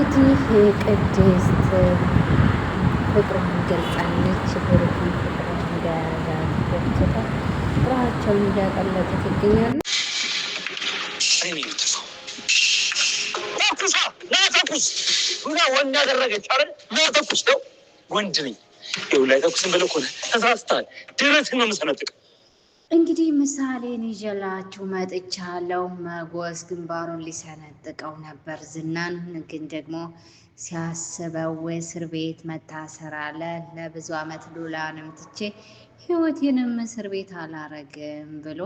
እንግዲህ ቅድስት ፍቅሩን ገልጻለች። ብሩክ ፍቅሩን እንደያዛት ገብቶታ ፍቅራቸውን እንዳቀለጡት ይገኛሉ። ወንድ ነኝ ላይ ተኩስን ብለህ እኮ ተሳስተሃል። ድረትን ነው የምሰነጥቀው እንግዲህ ምሳሌን ይዤላችሁ መጥቻለሁ። መጎስ ግንባሩን ሊሰነጥቀው ነበር ዝናን፣ ግን ደግሞ ሲያስበው እስር ቤት መታሰር አለ። ለብዙ ዓመት ሉላንም ትቼ ህይወቴንም እስር ቤት አላረግም ብሎ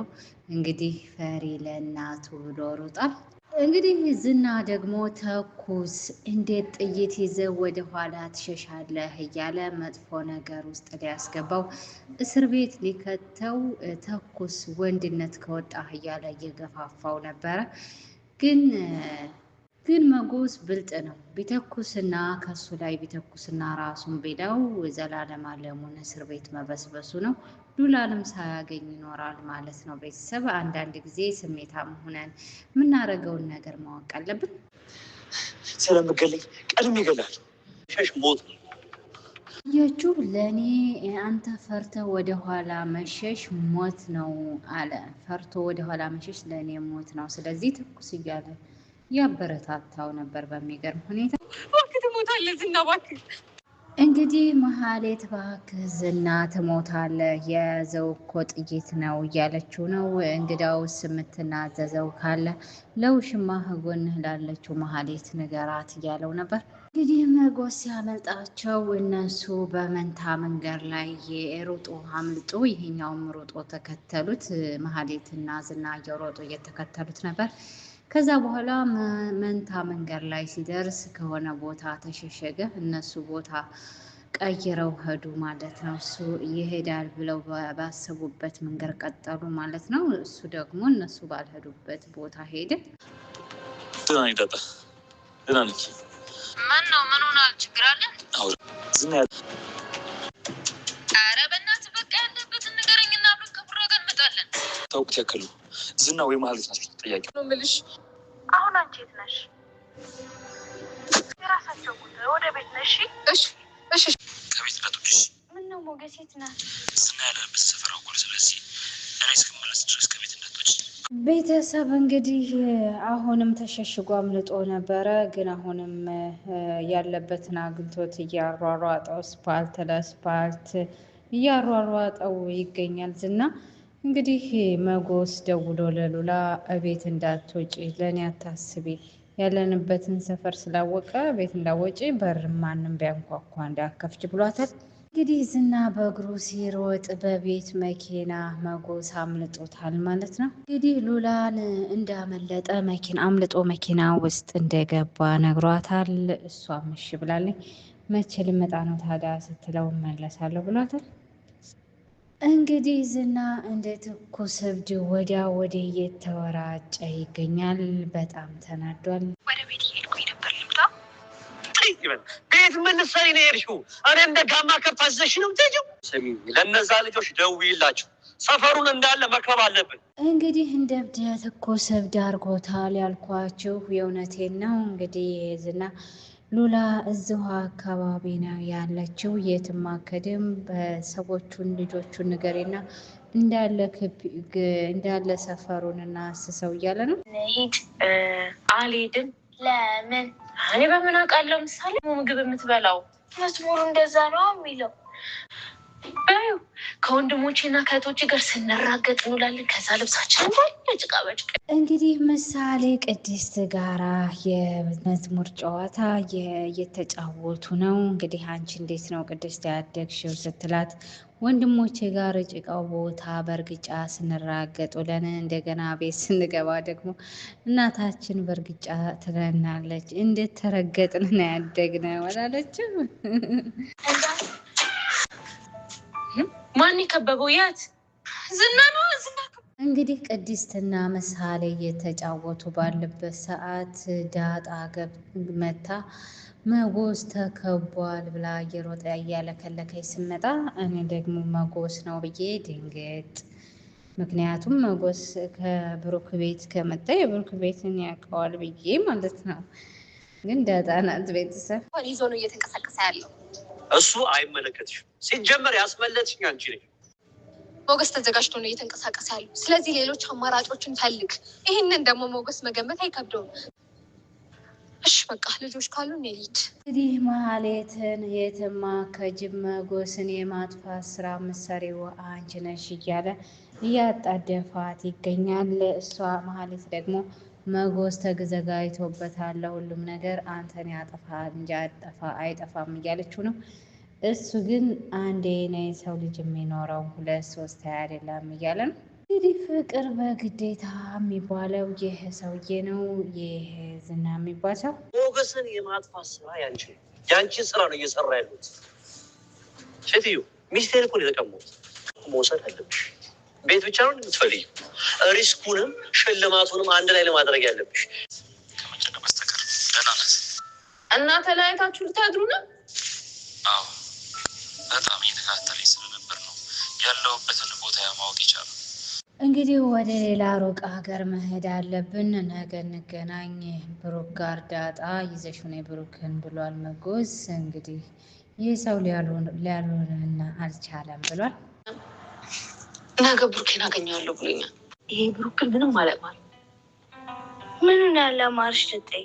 እንግዲህ ፈሪ ለእናቱ ብሎ ሩጣል። እንግዲህ ዝና ደግሞ ተኩስ፣ እንዴት ጥይት ይዘህ ወደ ኋላ ትሸሻለህ እያለ መጥፎ ነገር ውስጥ ሊያስገባው እስር ቤት ሊከተው ተኩስ፣ ወንድነት ከወጣህ እያለ እየገፋፋው ነበረ። ግን ግን መጎስ ብልጥ ነው። ቢተኩስና ከሱ ላይ ቢተኩስና ራሱን ቢለው ዘላለማለሙን እስር ቤት መበስበሱ ነው። ዱላንም ሳያገኝ ይኖራል ማለት ነው። ቤተሰብ አንዳንድ ጊዜ ስሜታም ሆነን የምናደርገውን ነገር ማወቅ አለብን። ስለምገለኝ ቀድም ይገላል ሸሽ ሞት ያችሁ ለእኔ አንተ ፈርተ ወደኋላ መሸሽ ሞት ነው አለ። ፈርቶ ወደኋላ መሸሽ ለእኔ ሞት ነው። ስለዚህ ትኩስ እያለ ያበረታታው ነበር በሚገርም ሁኔታ እባክህ ትሞታለህ ዝና እባክህ እንግዲህ መሀሌት እባክህ ዝና ትሞታለህ፣ የያዘው እኮ ጥይት ነው እያለችው ነው። እንግዳውስ የምትናዘዘው ካለ ለውሽማ ህጎን ላለችው መሀሌት ንገራት እያለው ነበር። እንግዲህ መጎስ ሲያመልጣቸው እነሱ በመንታ መንገድ ላይ የሩጡ አምልጡ፣ ይሄኛውም ሩጦ ተከተሉት። መሀሌትና ዝና እየሮጡ እየተከተሉት ነበር። ከዛ በኋላ መንታ መንገድ ላይ ሲደርስ ከሆነ ቦታ ተሸሸገ። እነሱ ቦታ ቀይረው ሄዱ ማለት ነው። እሱ ይሄዳል ብለው ባሰቡበት መንገድ ቀጠሉ ማለት ነው። እሱ ደግሞ እነሱ ባልሄዱበት ቦታ ሄደ። ማን ነው? ምን ሆናል? ችግር አለ? ኧረ በእናትህ በቃ ያለበትን ንገረኝና አብረን ከቡራ ጋር እንመጣለን። ታውቁት ያክሉ ዝና ወይ ማህሌት ናቸው ተጠያቂ ምልሽ። አሁን አንቺ የት ነሽ? የራሳቸው ጉዳይ ወደ ቤት ነሽ? እሺ፣ እሺ፣ ከቤት ሞገስ የት ነህ? ዝና ያለበት ሰፈር አውቋል። ስለዚህ እኔ እስክመለስ ድረስ ከቤት እንዳትወጪ። ቤተሰብ እንግዲህ አሁንም ተሸሽጎ አምልጦ ነበረ፣ ግን አሁንም ያለበትን አግኝቶት እያሯሯጠው ስፓልት ለስፓልት እያሯሯጠው ይገኛል ዝና እንግዲህ መጎስ ደውሎ ለሉላ እቤት እንዳትወጪ ለእኔ አታስቢ፣ ያለንበትን ሰፈር ስላወቀ ቤት እንዳወጪ በር ማንም ቢያንኳኳ እንዳያከፍች ብሏታል። እንግዲህ ዝና በእግሩ ሲሮጥ በቤት መኪና መጎስ አምልጦታል ማለት ነው። እንግዲህ ሉላን እንዳመለጠ መኪና አምልጦ መኪና ውስጥ እንደገባ ነግሯታል። እሷም እሺ ብላለኝ። መቼ ልመጣ ነው ታዲያ ስትለው መለሳለሁ ብሏታል። እንግዲህ ዝና እንደ ትኩስ እብድ ወዲያ ወደ እየተወራጨ ይገኛል። በጣም ተናዷል። ወደ ቤት እየሄድኩኝ ነበር። ልምጣ ቤት ምን ሰሪ ነው የሄድሽው? እኔ እንደ ጋማ ከፋዘሽ ነው ምትሄጂው? ስሚ፣ ለእነዛ ልጆች ደውዪላቸው ሰፈሩን እንዳለ መክበብ አለብን። እንግዲህ እንደ እብድ ትኩስ እብድ አድርጎታል ያልኳችሁ የእውነቴን ነው። እንግዲህ ዝና ሉላ እዚሁ አካባቢ ነው ያለችው። የትም አከድም በሰዎቹን ልጆቹን ንገሬና እንዳለ ሰፈሩንና አስሰው እያለ ነው። አልሄድም። ለምን? እኔ በምን አውቃለሁ? ምሳሌ ምግብ የምትበላው መስሙሩ እንደዛ ነው የሚለው ከወንድሞቼ እና ከእህቶቼ ጋር ስንራገጥ እንውላለን። ከዛ ልብሳችን ጭቃ በጭቃ እንግዲህ ምሳሌ ቅድስት ጋራ የመዝሙር ጨዋታ እየተጫወቱ ነው። እንግዲህ አንቺ እንዴት ነው ቅድስት ያደግሽው ስትላት ወንድሞቼ ጋር ጭቃው ቦታ በእርግጫ ስንራገጥ ውለን እንደገና ቤት ስንገባ ደግሞ እናታችን በእርግጫ ትለናለች። እንዴት ተረገጥን ነው ያደግነው አላለችም። ማን የከበበው? ያት ዝና ነው። እንግዲህ ቅድስትና ምሳሌ እየተጫወቱ ባለበት ሰዓት ዳጣ ገብ መታ መጎስ ተከቧል ብላ እየሮጠ እያለከለከች ስመጣ እኔ ደግሞ መጎስ ነው ብዬ ድንግጥ። ምክንያቱም መጎስ ከብሩክ ቤት ከመጣ የብሩክ ቤትን ያውቀዋል ብዬ ማለት ነው። ግን ዳጣ ናት ቤተሰብ ይዞ ነው እየተንቀሳቀሰ ያለው እሱ አይመለከትሽም። ሲጀመር ያስመለጥሽኝ አንቺ ነኝ። ሞገስ ተዘጋጅቶ ነው እየተንቀሳቀሰ ያሉ። ስለዚህ ሌሎች አማራጮችን ፈልግ። ይህንን ደግሞ ሞገስ መገመት አይከብደውም። እሺ በቃ ልጆች ካሉ ሄድ። እንግዲህ መሀሌትን የትማ ከጅብ መጎስን የማጥፋት ስራ ምሰሪው አንቺ ነሽ እያለ እያጣደፋት ይገኛል። እሷ መሀሌት ደግሞ መጎስ ተዘጋጅቶበታል። ለሁሉም ነገር አንተን ያጠፋ እንጂ አጠፋ አይጠፋም እያለችው ነው። እሱ ግን አንዴ ነይ ሰው ልጅ የሚኖረው ሁለት ሶስት አይደለም እያለ ነው። እንግዲህ ፍቅር በግዴታ የሚባለው ይህ ሰውዬ ነው። ይህ ዝና የሚባል ሰው ሞገስን የማጥፋት ስራ ያንቺ ያንቺ ስራ ነው እየሰራ ያሉት። ሴትዮ ሚስቴር እኮ ነው የተቀሙት። መውሰድ አለብሽ ቤት ብቻ ነው የምትፈልጊ። ሪስኩንም ሽልማቱንም አንድ ላይ ለማድረግ ያለብሽ እና ተለያይታችሁ ልታድሩ ነው? አዎ፣ በጣም እየተከታተለኝ ስለነበር ነው ያለሁበትን ቦታ ማወቅ ይቻሉ። እንግዲህ ወደ ሌላ ሩቅ ሀገር መሄድ አለብን። ነገ እንገናኝ። ብሩክ ጋር ዳጣ ይዘሽ ብሩክን ብሏል መጎዝ። እንግዲህ ይህ ሰው ሊያሉንና አልቻለም ብሏል። ነገ ብሩኬን አገኘዋለሁ ብሎኛል። ይሄ ብሩክን ምንም ማለት ማለት ምኑን ያለ ማርሽ ልጠይ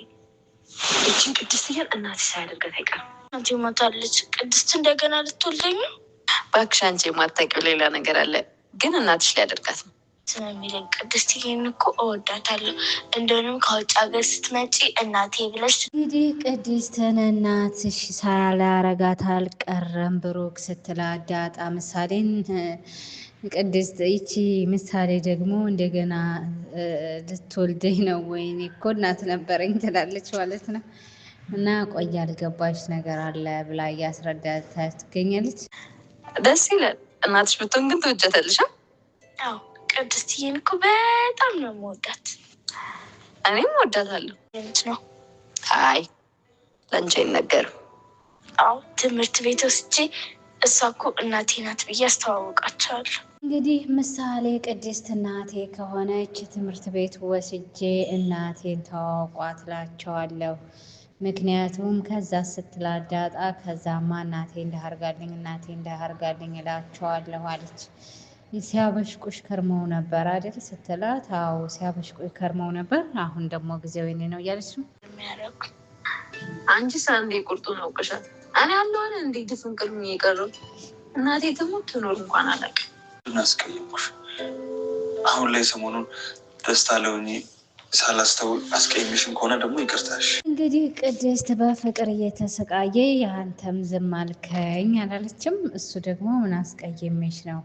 እችን ቅድስትዬን እናቴ ሳያደርጋት አይቀርም። እናቴ ሞታለች። ቅድስት እንደገና ልትወልደኝ ነው። እባክሽ አንቺ የማታውቂው ሌላ ነገር አለ፣ ግን እናትሽ ሊያደርጋት ነው ስለሚለኝ ቅድስትዬን እኮ እወዳታለሁ። እንደሆንም ከውጭ ሀገር ስትመጪ እናቴ ብለሽ እንግዲህ ቅድስትን እናትሽ ሳላረጋት አልቀረም ብሩክ ስትላዳጣ ምሳሌን ቅድስት ይቺ ምሳሌ ደግሞ እንደገና ልትወልደኝ ነው ወይኔ እኮ እናት ነበረኝ ትላለች ማለት ነው። እና ቆይ ያልገባች ነገር አለ ብላ እያስረዳታ ትገኛለች። ደስ ይላል። እናትሽ ብትሆን ግን ትወጀታለሽ። አዎ ቅድስትዬን እኮ በጣም ነው የምወዳት። እኔም እወዳታለሁ። ነው አይ ለአንቺ አይነገርም። አዎ ትምህርት ቤት ወስጄ እሷ እኮ እናቴ ናት ብዬ አስተዋወቃቸዋለሁ። እንግዲህ ምሳሌ ቅድስት እናቴ ከሆነች ትምህርት ቤት ወስጄ እናቴን ተዋውቋት እላቸዋለሁ። ምክንያቱም ከዛ ስትላዳጣ ከዛማ እናቴ እንዳርጋልኝ እናቴ እንዳርጋልኝ እላቸዋለሁ አለች። ሲያበሽቁሽ ከርመው ነበር አይደል ስትላት፣ አዎ ሲያበሽቁሽ ከርመው ነበር፣ አሁን ደግሞ ጊዜው የኔ ነው እያለች ነው አንቺ ሳ እንዴ ቁርጡን አውቀሻል። እኔ ያለሆነ እንዴ ድፍንቅል የቀረው እናቴ ትሙት ትኖር እንኳን አላውቅም ምን አስቀየምኩሽ? አሁን ላይ ሰሞኑን ደስታ ለሆኝ ሳላስተውል አስቀየምሽን ከሆነ ደግሞ ይቅርታሽ። እንግዲህ ቅድስት በፍቅር እየተሰቃየ የአንተም ዝም አልከኝ አላለችም። እሱ ደግሞ ምን አስቀየምሽ ነው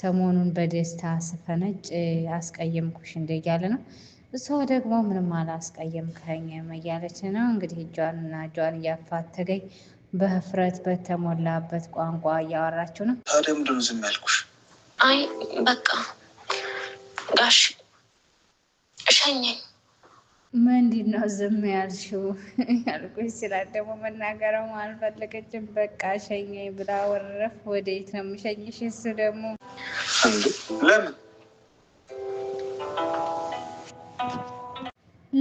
ሰሞኑን በደስታ ስፈነጭ አስቀየምኩሽ እንደ እያለ ነው። እሷ ደግሞ ምንም አላስቀየምከኝም እያለች ነው። እንግዲህ እጇን እና እጇን እያፋተገኝ በህፍረት በተሞላበት ቋንቋ እያወራችው ነው። ታዲያ ምንድን ነው ዝም ያልኩሽ? አይ በቃ ጋሽ እሸኘኝ። ምንድን ነው ዝም ያልሽው? ያልኩሽ ስላት ደግሞ መናገረው አልፈለገችም። በቃ ሸኘኝ ብላ ወረፍ። ወዴት ነው የምሸኝሽ? እሱ ደግሞ ለምን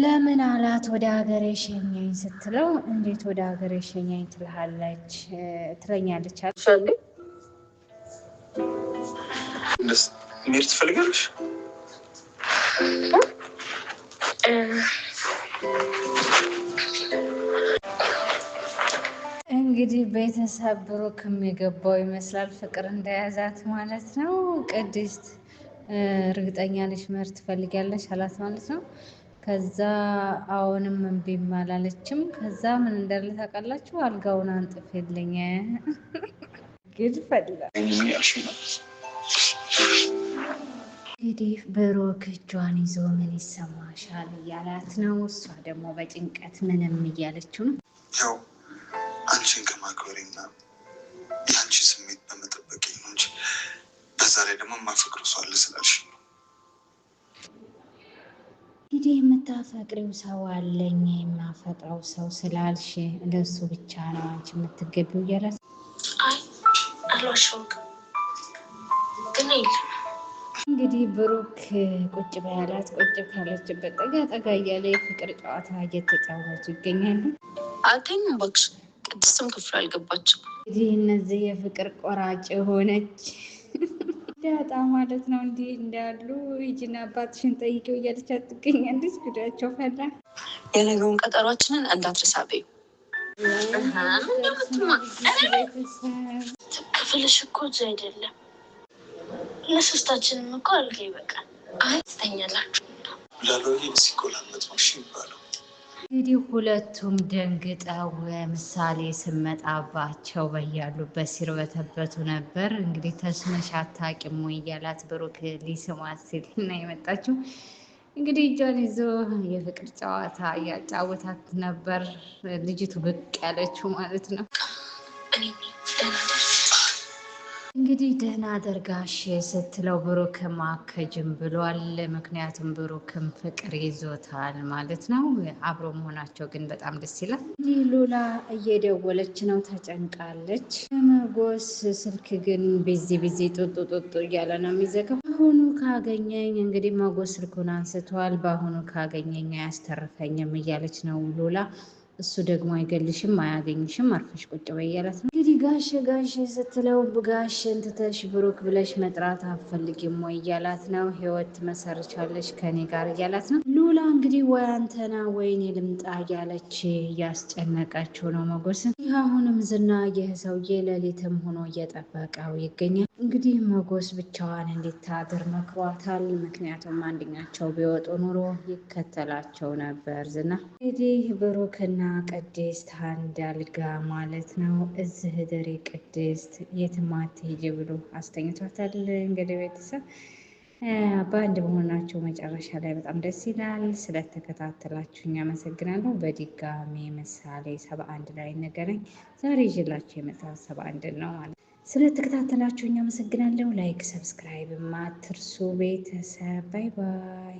ለምን አላት። ወደ ሀገሬ ሸኘኝ ስትለው እንዴት ወደ ሀገሬ ሸኘኝ ትልሃለች ትለኛለች አለ ትፈልጋለሽ? እንግዲህ ቤተሰብ ብሩክ የሚገባው ይመስላል። ፍቅር እንደያዛት ማለት ነው። ቅድስት እርግጠኛ ነሽ መር ትፈልጊያለሽ አላት ማለት ነው። ከዛ አሁንም እምቢም አላለችም። ከዛ ምን እንዳለ ታውቃላችሁ? አልጋውን አንጥፍ የለኝ ግድ ፈላ እንግዲህ ብሩክ እጇን ይዞ ምን ይሰማሻል እያላት ነው። እሷ ደግሞ በጭንቀት ምንም እያለችው ነው። ያው አንቺን ከማክበሬና የአንቺ ስሜት በመጠበቅ ነው እንጂ በዛ ላይ ደግሞ የማፈቅር ሰው አለ ስላልሽ ነው። እንግዲህ የምታፈቅሪው ሰው አለኝ የማፈቅረው ሰው ስላልሽ ለሱ ብቻ ነው አንቺ የምትገቢው እያላት አይ አሏሸውቅ ግን እንግዲህ ብሩክ ቁጭ በያላት ቁጭ ካለችበት ጠጋ ጠጋ እያለ የፍቅር ጨዋታ እየተጫወቱ ይገኛሉ። አልተኛም እባክሽ፣ ቅድስትም ክፍል አልገባችም። እንግዲህ እነዚህ የፍቅር ቆራጭ የሆነች ዳጣ ማለት ነው እንዲህ እንዳሉ ሂጂና አባትሽን ጠይቂው እያለች ትገኛለች። ጉዳያቸው ፈላ። የነገውን ቀጠሯችንን እንዳትረሳቤ ክፍልሽ እኮ አይደለም ለሶስታችንም እኮ አልጋ ይበቃል። አይ ትተኛላችሁ ላሎዬ ሲቆላመጥ ሽ ይባለው እንግዲህ ሁለቱም ደንግጠው ምሳሌ ስመጣባቸው በያሉበት ሲርበተበቱ ነበር። እንግዲህ ተስመሽ አታውቂም ወይ እያላት ብሩክ ሊስማት ሲል እና የመጣችው እንግዲህ እጇን ይዞ የፍቅር ጨዋታ እያጫወታት ነበር ልጅቱ ብቅ ያለችው ማለት ነው። እንግዲህ ደህና አደርጋሽ ስትለው ብሩክም አከጅም ብሏል። ምክንያቱም ብሩክም ፍቅር ይዞታል ማለት ነው። አብሮ መሆናቸው ግን በጣም ደስ ይላል። እንዲህ ሉላ እየደወለች ነው፣ ተጨንቃለች። መጎስ ስልክ ግን ቢዚ ቢዚ ጡጡ ጡጡ እያለ ነው የሚዘገብ። በአሁኑ ካገኘኝ እንግዲህ መጎስ ስልኩን አንስቷል። በአሁኑ ካገኘኝ አያስተርፈኝም እያለች ነው ሉላ። እሱ ደግሞ አይገልሽም፣ አያገኝሽም፣ አርፈሽ ቁጭ በይ እያላት ነው ጋሽ ጋሼ ስትለው ጋሼን እንትተሽ ብሩክ ብለሽ መጥራት አትፈልጊም ወይ እያላት ነው። ህይወት መሰርቻለች ከኔ ጋር እያላት ነው። ሉላ እንግዲህ ወይ አንተና ወይኔ ልምጣ እያለች እያስጨነቀችው ነው መጎስ ይህ አሁንም ዝና ይህ ሰውዬ ሌሊትም ሆኖ እየጠበቀው ይገኛል። እንግዲህ መጎስ ብቻዋን እንዲታድር መክሯታል። ምክንያቱም አንደኛቸው ቢወጡ ኑሮ ይከተላቸው ነበር ዝና። እንግዲህ ብሩክና ቅድስት አንድ አልጋ ማለት ነው። እዚህ ድሬ ቅድስት የትም አትሄጂ ብሎ አስተኝቷታል። እንግዲህ ቤተሰብ በአንድ መሆናቸው መጨረሻ ላይ በጣም ደስ ይላል። ስለተከታተላችሁኝ አመሰግናለሁ። በድጋሚ ምሳሌ ሰባ አንድ ላይ ነገረኝ ዛሬ ይዤላችሁ የመጣሁት ሰባ አንድ ነው ማለት ስለተከታተላችሁኝ አመሰግናለሁ። ላይክ ሰብስክራይብ ማትርሱ ቤተሰብ። ባይ ባይ